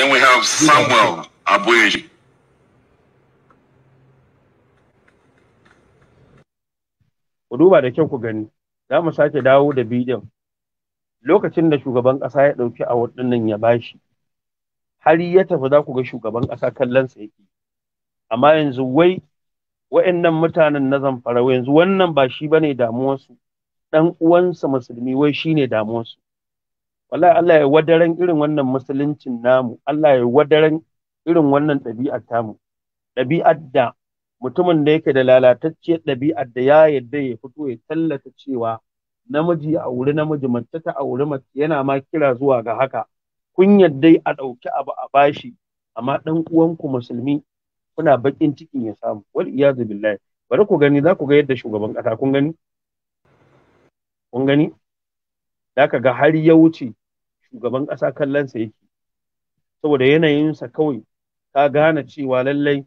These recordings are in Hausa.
Then we have Samuel Abueji. Ku duba da kyau ku gani, za mu sake dawo da bidiyon. Lokacin da shugaban ƙasa ya ɗauki a waɗannan ya bashi, har ya tafi za ku ga shugaban ƙasa kallon sa yake. Amma yanzu wai wa'annan mutanen na zamfara yanzu wannan ba shi bane damuwarsu, ɗan uwansa musulmi wai shine damuwarsu. wallahi Allah ya wadaran irin wannan musuluncin namu Allah ya wadaran irin wannan ɗabi'ar tamu ɗabi'ar da mutumin da yake da lalatacciyar ɗabi'ar da ya yadda ya fito ya tallata cewa namiji ya wuri namiji mace ta auri wuri mace yana ma kira zuwa ga haka kun yadda a ɗauki abu a bashi amma ɗan uwanku musulmi kuna baƙin cikin ya samu wal iyazu billahi bari ku gani za ku ga yadda shugaban ƙasa kun gani kun gani ka ga har ya wuce shugaban ƙasa kallon kallonsa yake saboda yanayinsa kawai ta gane cewa lallai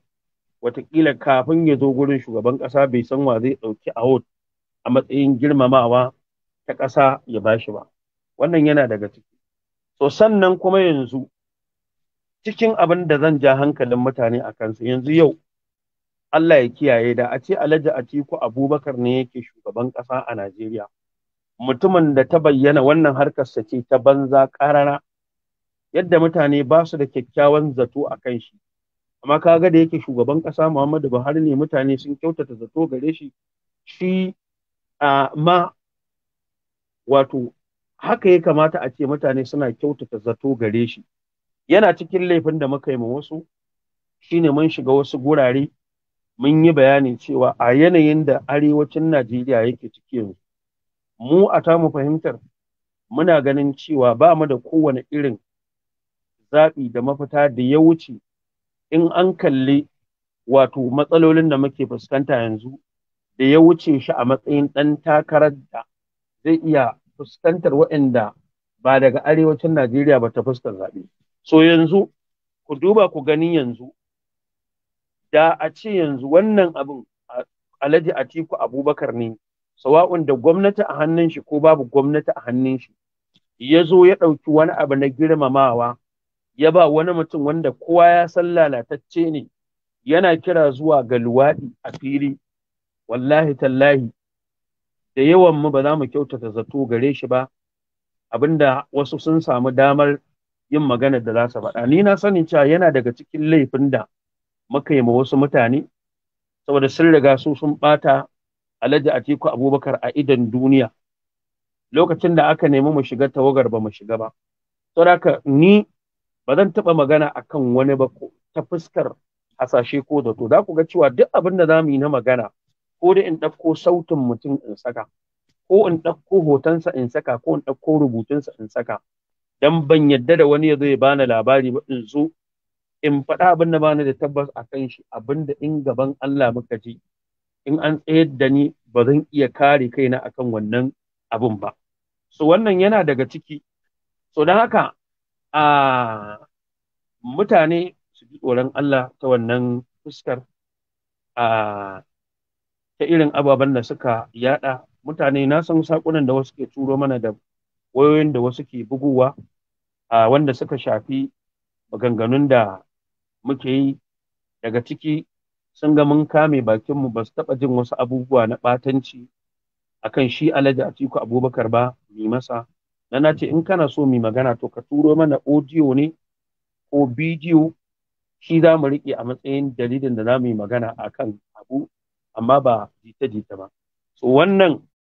watakila kafin ya zo gurin shugaban ƙasa bai san wa zai ɗauki wot a matsayin girmamawa ta ƙasa ya ba shi ba wannan yana daga ciki to sannan kuma yanzu cikin abin da zan ja hankalin mutane a kansa yanzu yau Allah ya kiyaye da a ce alhaji Atiku Abubakar ne yake shugaban ƙasa a Najeriya mutumin da ta bayyana wannan harkarsa ce ta banza ƙarara yadda mutane ba su da kyakkyawan zato a kan shi amma kaga da yake shugaban ƙasa Muhammadu Buhari ne mutane sun kyautata zato gare shi shi a ma wato haka ya kamata a ce mutane suna kyautata zato gare shi yana cikin laifin da muka yi ma wasu shine mun shiga wasu gurare mun yi bayani cewa a yanayin da arewacin Najeriya yake ciki yanzu mu a tamu fahimtar muna ganin cewa ba mu da kowane irin zaɓi da mafita da ya wuce in an kalli wato matsalolin da muke fuskanta yanzu da ya wuce shi a matsayin ɗan takarar da zai iya fuskantar waɗanda ba daga arewacin Najeriya ba ta fuskar zaɓe. So yanzu ku duba ku gani yanzu da a ce yanzu wannan abin Alhaji Atiku Abubakar ne sawa'un da gwamnati a hannun shi ko babu gwamnati a hannun shi ya zo ya ɗauki wani abu na girmamawa ya ba wani mutum wanda kowa ya san lalatacce ne yana kira zuwa ga luwaɗi a fili wallahi tallahi da yawan mu ba za mu kyautata zato gare shi ba abinda wasu sun samu damar yin magana da za su faɗa ni na sani cewa yana daga cikin laifin da muka yi ma wasu mutane saboda sun riga su sun ɓata alhaji atiku abubakar a idan duniya lokacin da aka nemi mu shiga tawagar ba mu shiga ba saboda ni ba zan taɓa magana akan wani ba ta fuskar hasashe ko da to da ku ga cewa duk abin da zamu yi na magana ko da in dauko sautin mutum in saka ko in ɗauko hotonsa in saka ko in ɗauko rubutunsa in saka dan ban yadda da wani ya zo ya bani labari ba in zo in faɗa abin da bani da tabbas akan shi abin da in gaban Allah muka ji in an tsayar da ni ba zan iya kare kaina akan wannan abun ba so wannan yana daga ciki so don haka a mutane su ji tsoron Allah ta wannan fuskar a ta irin ababen da suka yada mutane na san sakunan da wasu ke turo mana da wayoyin da wasu ke buguwa a wanda suka shafi maganganun da muke yi daga ciki sun ga mun kame bakinmu ba su taɓa jin wasu abubuwa na ɓatanci akan shi alhaji atiku abubakar ba mi masa na na ce in kana so mi magana to ka turo mana audio ne ko bidiyo shi za mu riƙe a matsayin dalilin da za mu yi magana akan abu amma ba jita-jita ba so wannan